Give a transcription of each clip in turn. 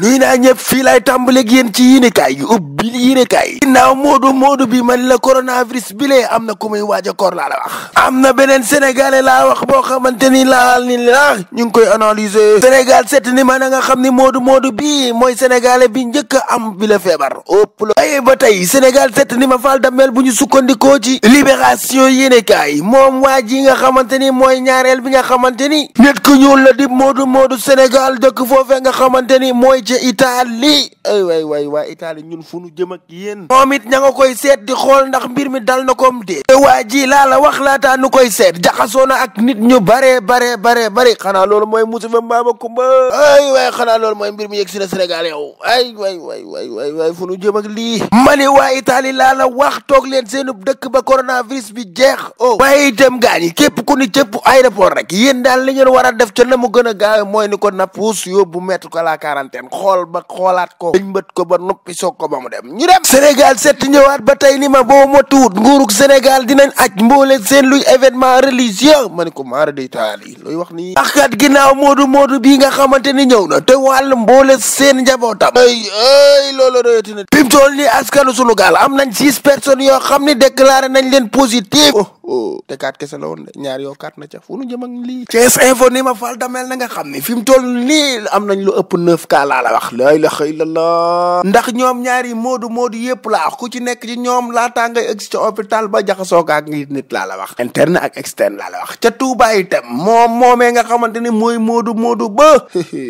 nuy naa ñëpp fii laay tàmbaleeg yéen ci yéenekaay yu ub li yéene kaay ginnaaw moodu bi man la coronavirus bi am na ku muy waaj a koor laa am na beneen sénégalais laa wax boo xamante ni laal ni laa ngi koy analyser sénégal set ni man a nga xam ni moodu moodu bi mooy sénégalais bi njëkk am bi feebar ëpp la sénégal set ni ma bu ñu sukkandikoo ci libération yéene kaay moom waaj yi nga xamante ni mooy ñaareel bi nga xamante ni nit ku ñuul la di moodu moodu sénégal dëkk foofee nga xamante ni mooy ca italie ay waay waay waay italie ñun fu jëm ak yéen moom it ña nga koy seet di xool ndax mbir mi dal na koom dee waa ji laa la wax laataa nu koy seet jaxasoo na ak nit ñu bare bare bare bare xanaa loolu mooy musiba mbaaba kumba ay waay xanaa loolu mooy mbir mi yegg si na Sénégal yow ay waay waay waay fu nu jëm ak lii mali waa Italie laa la wax toog leen seenub dëkk ba coronavirus bi jeex o oh. waaye itam gaañ yi képp ku ni cëpp aéroport rek yéen daal li ngeen war a def ca na mu gën a gaawe mooy ni ko nappuus yóbbu mettre ko la quarantaine xool ba ko dañ ko ba dem ñu dem Sénégal set ñëwaat ba tey ni ma boo motuwut nguurug Sénégal dinañ aj mboole seen luy événement religieux ma ne ko maara day taal yi looy wax nii wax kat ginnaaw moodu moodu bii nga xamante ni ñëw na te wàll mboole seen njabootam ay ay loolu doyati na fi mu toll nii askanu sunu gaal am nañ six personnes yoo xam ni déclaré nañ leen positif oh, oh. te kaat kese la woon de ñaar yoo kaat na ca fu nga xam ni fi mu toll nii am nañ lu ëpp neuf la wax ndax ñoom ñaar yi moodu moodu yëpp laa ku ci nekk ci ñoom laataa ngay egg ca hôpital ba jaxasoo ak ngi nit laa la wax interne ak externe laa la wax ca Touba itam moom moomee nga xamante ni mooy moodu moodu ba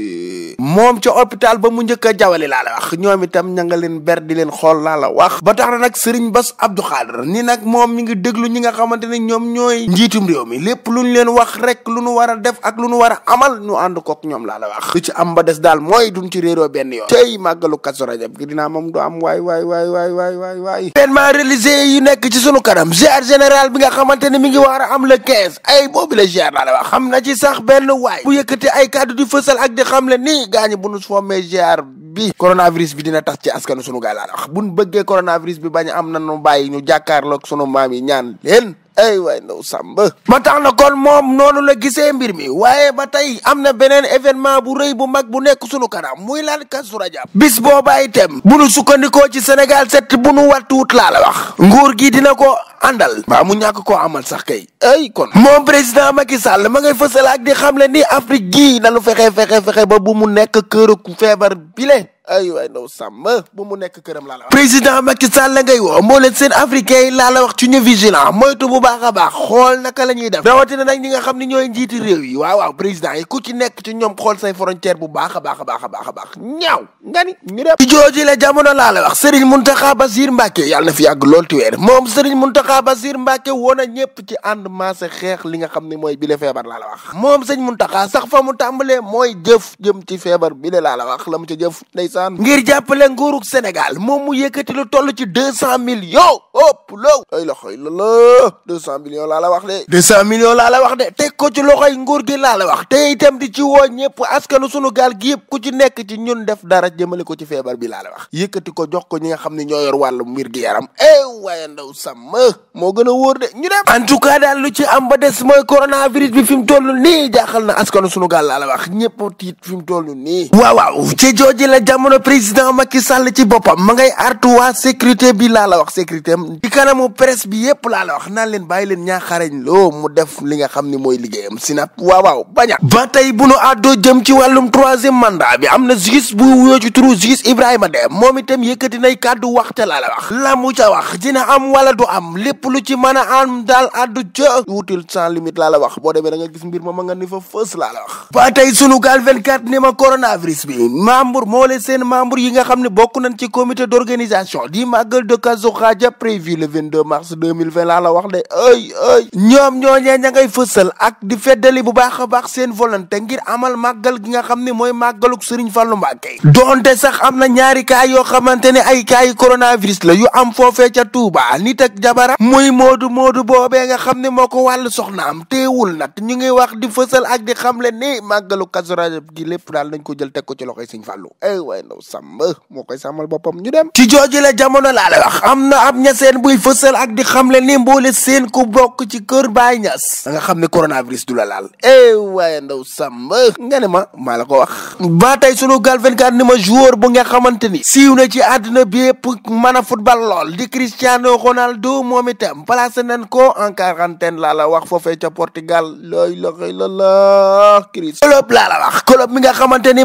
moom ca hôpital ba mu njëkk a jawali laa la wax ñoom itam ña nga leen ber di leen xool laa la wax ba tax na nag Serigne Bass Abdou Khadre ni nag moom mi ngi déglu ñi nga xamante ne ñoom ñooy njiitum réew mi lépp lu ñu leen wax rek lu nu war a def ak lu nu war a amal ñu ànd kook ñoom laa la wax lu ci am ba des daal mooy duñ ci réeroo benn yoon tey màggalu Kazu Rajab gi dinaa moom du am waay waay waay waay waay waay waay événement religieux yi nekk ci sunu kanam ziar général bi nga xamante ne mi ngi war a am le 15 ay boobu la ziar la wax xam na ci sax benn waay bu yëkkati ay kàddu di fësal ak di xam le nii gaañi bu nu fommee ziar bi coronavirus bi dina tax ci askanu sunu gaay laa wax buñ bëggee coronavirus bi bañ am na nu bàyyi ñu jàkkaarloog sunu maam yi ñaan leen ay waay ndaw sàmba ba tax na kon moom noonu la gisee mbir mi waaye ba tey am na beneen événement bu rëy bu mag bu nekk sunu kanam muy lan Kazu Rajab bis booba tem bu nu sukkandikoo ci Sénégal set bu nu wattuwut laa la wax nguur gii dina ko àndal baa mu ñàkk ko amal sax kay ay kon moom président Macky Sall ma ngay fësal ak di le ni Afrique gii na fexe fexe fexe ba bu mu nekk këru feebar bile ay waay ndaw sama bu mu nekk këram laa la wax président Macky Sall la ngay woo moo leen seen africain laa la wax ci ñu vigilant moytu bu baax a baax xool naka la ñuy def rawatina nag ñi nga xam ni ñooy njiiti réew yi waawaaw président yi ku ci nekk ci ñoom xool say frontière bu baaxa baax a baax a a baax ñaaw nga ni ñu def ci jooji la jamono laa la wax Serigne Mountakha Bassir Mbacké yàlla na fi lool ti weer moom Serigne Mountakha Bassir Mbacké woon na ñëpp ci ànd maase xeex li nga xam ne mooy bile feebar laa la wax moom Serigne Mountakha sax fa mu tàmbalee mooy jëf jëm ci feebar bile laa la wax la mu ca jëf ndeysaan ngir jàppale nguurug Sénégal moom mu yëkkati lu toll ci deux cent millions ëpp loow ay la xëy la la deux cent millions laa la wax le deux cent millions laa la wax de te ko ci loxoy nguur gi laa la wax te itam di ci woo ñëpp askanu sunu gaal gi yëpp ku ci nekk ci ñun def dara jëmale ko ci feebar bi laa la wax yëkkati ko jox ko ñi nga xam ne ñoo yor wàllu mbir gi yaram eh waaye ndaw sàmm moo gën a woor de ñu dem en tout cas lu ci am ba des mooy coronavirus bi fi mu toll nii jaaxal na sunu gaal laa la jamono président Macky Sall ci boppam ma ngay artu waa sécurité bi laa la wax sécurité am ci kanamu presse bi yépp laa la wax naan leen bàyyi leen ñaaxarañ loo mu def li nga xam ni mooy liggéeyam sinap waaw waaw baña ba tey bu nu àddoo jëm ci wàllum troisième mandat bi am na juge bu wuyoo ci turu juge Ibrahima Dem moom itam yëkkati nay kaddu wax laa la wax la mu ca wax na am wala du am lépp lu ci mën a am daal àddu ca wutil sans limite laa la wax boo demee da nga gis mbir ma ma nga ni fa fës laa la wax ba tey sunu gaal 24 ni bi seen membre yi nga xam ne bokk nañ ci comité d'organisation di màggal de Kazu prévu le 22 mars 2020 laa la wax de ay ay ñoom ñooñee ña ngay fësal ak di feddali bu baax a baax seen volante ngir amal màggal gi nga xam ne mooy màggaluk Serigne Fallou Mbacké donte sax am na ñaari cas yoo xamante ne ay cas yi coronavirus la yu am foofe ca Touba nit ak jabara muy moodu moodu boobee nga xam ne moo ko wàll soxnaam teewul nag ñu ngi wax di fësal ak di xamle ne màggalu Kazu Rajab gi lépp daal nañ ko jël teg ko ci loxoy Serigne Fallou ay ndaw sàmm moo koy sàmmal boppam ñu dem ci jooju la jamono laa la wax am na ab ñaseen buy fësal ak di xamle ni mboole seen ku bokk ci kër Baay Ñas da xam ne coronavirus du la laal eh waaye ndaw sàmm nga ma maa la ko wax ba tey sunu gal 24 ni ma joueur bu nga xamante ni siiw na ci àdduna bi yëpp mën a football lool di Cristiano Ronaldo moom itam placé nañ ko en quarantaine laa la wax foofee ca Portugal looy loxoy la la la wax club mi nga xamante ni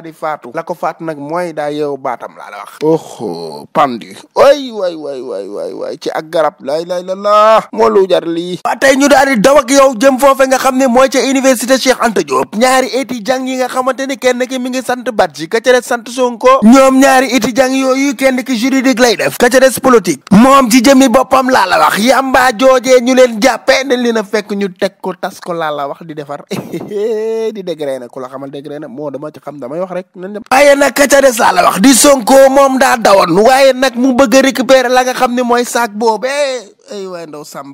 daa di faatu la ko faatu nag mooy daa yeewu baatam laa la wax oho pandi oy way way way way way ci ak garab laay laay la laa moo lu jar li ba tey ñu daal di daw ak yow jëm foofe nga xam ne mooy ca université Cheikh Anta Diop ñaari étudiants yi nga xamante ni kenn ki mi ngi sant Badji ka ca des sant Sonko ñoom ñaari étudiants yooyu kenn ki juridique lay def ka ca des moom ci jëmi boppam laa la wax yamba joojee ñu leen jàppee dañ leen a fekk ñu teg ko tas ko laa la wax di defar di degré na la xamal degré na rek nañ dem. waaye nag ka ca des la wax di Sonko moom daa dawoon waaye nag mu bëgg a récupérer la nga xam ne mooy saak boobee.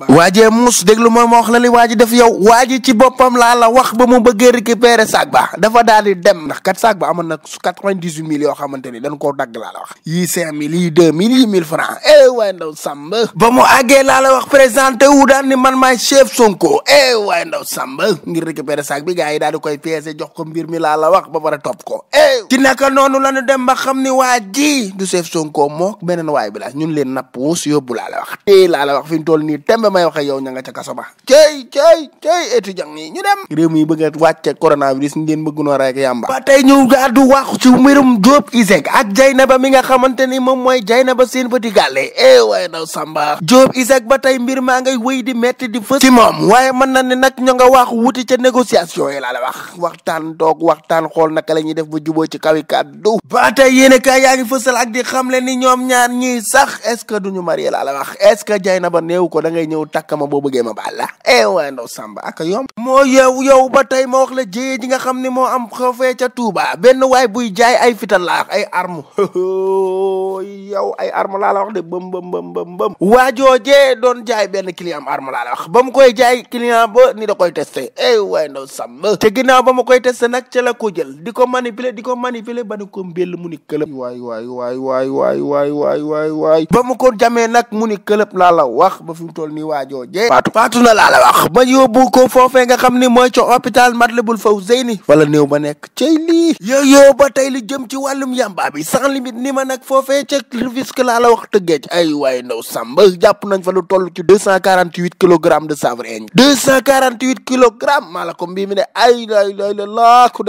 waajee muus déglu ma ma wax la li waa ji def yow waa ji ci boppam laa la wax ba mu bëggee récupérer saak ba dafa daal di dem ndax kat sac ba amoon na quatre-vingt-dix-huit mille yoo xamante ni dañ koo dagg laa la wax yii cinq mille yii deux mille yii mille francs eh waay ndaw Samba ba mu àggee laa la wax présenté wu daan ni man maay chef Sonko eh waay ndaw Samba ngir récupérer sac bi gars yi daal di koy peese jox ko mbir mi laa la wax ba pare top ko eh ci naka noonu la ñu dem ba xam ni waa ji du chef Sonko mook beneen waay bi la ñun leen napp wuus yóbbu laa fi ñu toll nii tembe may wax ak yow ña nga ca kaso ba cey cey cey étudiant yi ñu dem réew mi bëgg a wàcce coronavirus ngeen bëgg noo rek yàmba ba tey ñu gàddu wax ci mbirum Diop Iseg ak Jaynaba mi nga xamante ni moom mooy ba seen petit gàlle eh waaye daw samba Diop Iseg ba tey mbir maa ngay wéy di metti di fës ci moom waaye mën na ne nag ño nga wax wuti ca négociation yi laa la wax waxtaan toog waxtaan xool na la ñuy def ba juboo ci kawi kàddu ba tey yéen a kaay yaa ngi fësal ak di xamle ni ñoom ba néew ko da ngay ñëw takk ma boo bëggee ma baal la eh waaye ndaw Samba ak yomb moo yow yow ba tey ma wax la jéyee ji nga xam ne moo am xofee ca Touba benn waay buy jaay ay fital laa wax ay arme yow ay arme laa la wax de bëm bëm bëm bëm bëm waajoojee doon jaay benn client am arme laa la wax ba mu eh ginnaaw ba ma koy testé nag ko jël di di ko ba ni jamee nag mu ni laa la wax ba fi mu toll nii waajoo jee faatu na laa la wax ba yóbbu ko foofee nga xam ni mooy ca hôpital Matlaboul Fawzeyni wala néew ba nekk cey lii yow yow ba tey li jëm ci wàllum yàmbaa bi sans limite ni ma nag foofee ca Rufisque laa la wax tëggee ay waaye ndaw sàmba jàpp nañ fa lu toll ci deux cent quarante huit kilogrammes de chanvre indien deux cent quarante kilogrammes maa ko mbii mi ne ay lay lay la laa ku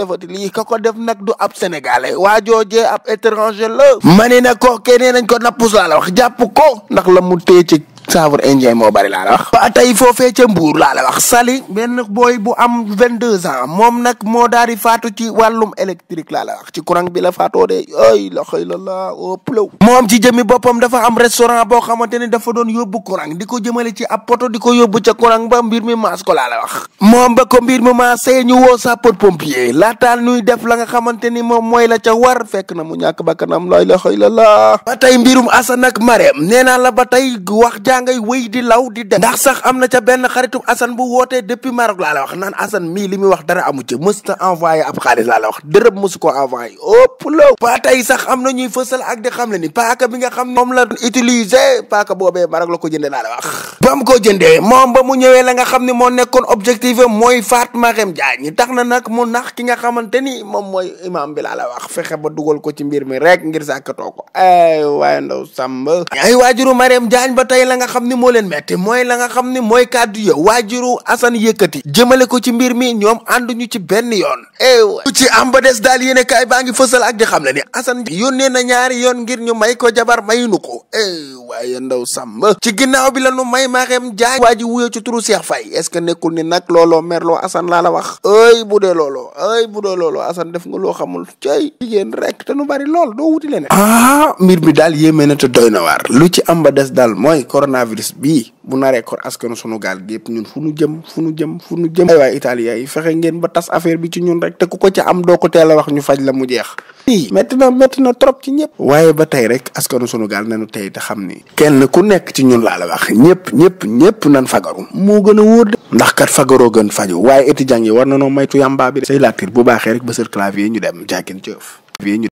ka ko def nag du ab sénégalais waajoo jee ab étranger la ma ne na kookee nee nañ ko nappus laa la wax jàpp ko ndax la mu téye saafara indien moo bari laa la wax. ba tey foofee ca Mbour laa la wax. Sali benn booy bu am vingt deux moom nag moo daal di faatu ci wàllum électrique laa la wax ci courant bi la faatoo de ay la xëy la oh, moom ci jëmi boppam dafa am restaurant boo xamante ne dafa doon yóbbu courant di ko jëmale ci ab poto di ko yóbbu ca courant ba mbir mi maas ko la wax. moom ba ko mbir mi maasee ñu woo sapeur pompier laataal ñuy def la nga xamante ni moom mooy la ca war fekk na mu ñàkk bakkanam lay mbirum Assane ak Marème nee la ba tey wax ja yaa ngay wëy di law di dem ndax sax am na ca benn xaritum Assane bu wootee depuis Maroc laa la wax naan Assane mii li muy wax dara amu ci mës envoyé ab xaalis laa wax dërëb mësu ko envoyé ëpp law ba tey sax am na ñuy fësal ak di xam le ni paaka bi nga xam ne moom la utilisé paaka boobee Maroc la ko jënde laa la wax ba mu ko jëndee moom ba mu ñëwee la nga xam ne moo nekkoon objectif am mooy faat Marème Diagne tax na nag mu nax ki nga xamante ni moom mooy imam bi laa wax fexe ba dugal ko ci mbir mi rek ngir sàkkatoo ko ay waaye ndaw nga xam ni moo leen mooy la nga xam ni mooy kàddu ya waajuru Assane yëkkati jëmale ko ci mbir mi ñoom ànduñu ci benn yoon eh ci am ba des daal yéene baa ngi fësal ak di xam le ni Assane yónnee na ñaari yoon ngir ñu may ko jabar may mayuñu ko eh waaye ndaw sàmm ci ginnaaw bi la nu may Marème Diagne waa ji wuyoo ci turu Cheikh Faye est-ce que nekkul ni nag looloo merloo Assane laa la wax ay bu dee looloo ay bu dee looloo asan def nga loo xamul cay jigéen rek te nu bari lool doo wuti leneen ah mbir mi daal yéeme na te doy na waar lu ci am des daal mooy coronavirus bii bu naree kor askanu sunu gaal gi yëpp ñun fu nu jëm fu nu jëm fu ay waa Italie yi fexe ngeen ba tas affaire bi ci ñun rek te ku ko ca am doo ko teel a wax ñu faj la mu jeex. fii métti na métti na trop ci ñëpp. waaye ba tey rek askanu sunu gaal nañu tey te xam ni. kenn ku nekk ci ñun laa la wax ñëpp ñëpp ñëpp nan fagaru. moo gën a wóor de. ndax kat fagaroo gën faju waaye étudiants yi war na noo maytu yamba bi de. say laatir bu baaxee rek ba clavier ñu dem jàkkin